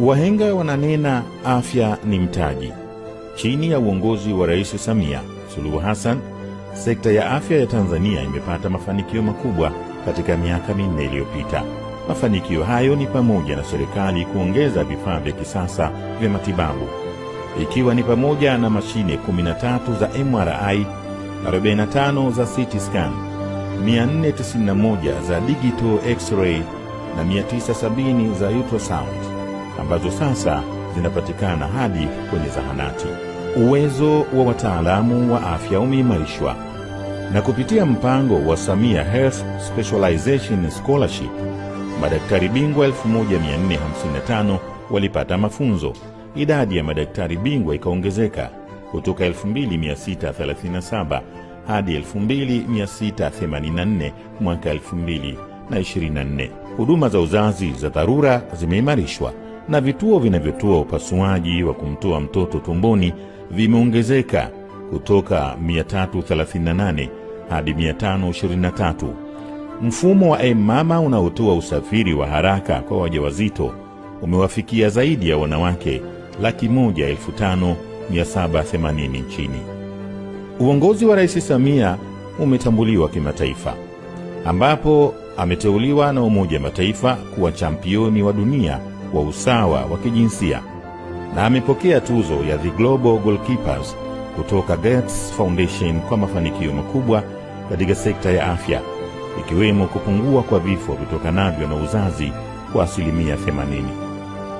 Wahenga wananena afya ni mtaji. Chini ya uongozi wa Rais Samia Suluhu Hassan, sekta ya afya ya Tanzania imepata mafanikio makubwa katika miaka minne iliyopita. Mafanikio hayo ni pamoja na serikali kuongeza vifaa vya kisasa vya matibabu ikiwa ni pamoja na mashine 13 za MRI, 45 za CT scan, 491 za digital x-ray na 970 za ultrasound ambazo sasa zinapatikana hadi kwenye zahanati. Uwezo wa wataalamu wa afya umeimarishwa na kupitia mpango wa Samia Health Specialization Scholarship, madaktari bingwa 1455 walipata mafunzo. Idadi ya madaktari bingwa ikaongezeka kutoka 2637 hadi 2684 mwaka 2024. Huduma za uzazi za dharura zimeimarishwa na vituo vinavyotoa upasuaji wa kumtoa mtoto tumboni vimeongezeka kutoka 338 hadi 523. Mfumo wa emama unaotoa usafiri wa haraka kwa wajawazito umewafikia zaidi ya wanawake laki moja elfu tano mia saba themanini nchini. Uongozi wa Rais Samia umetambuliwa kimataifa ambapo ameteuliwa na Umoja Mataifa kuwa championi wa dunia wa usawa wa kijinsia na amepokea tuzo ya The Global Goalkeepers kutoka Gates Foundation kwa mafanikio makubwa katika sekta ya afya ikiwemo kupungua kwa vifo vitokanavyo na uzazi kwa asilimia 80.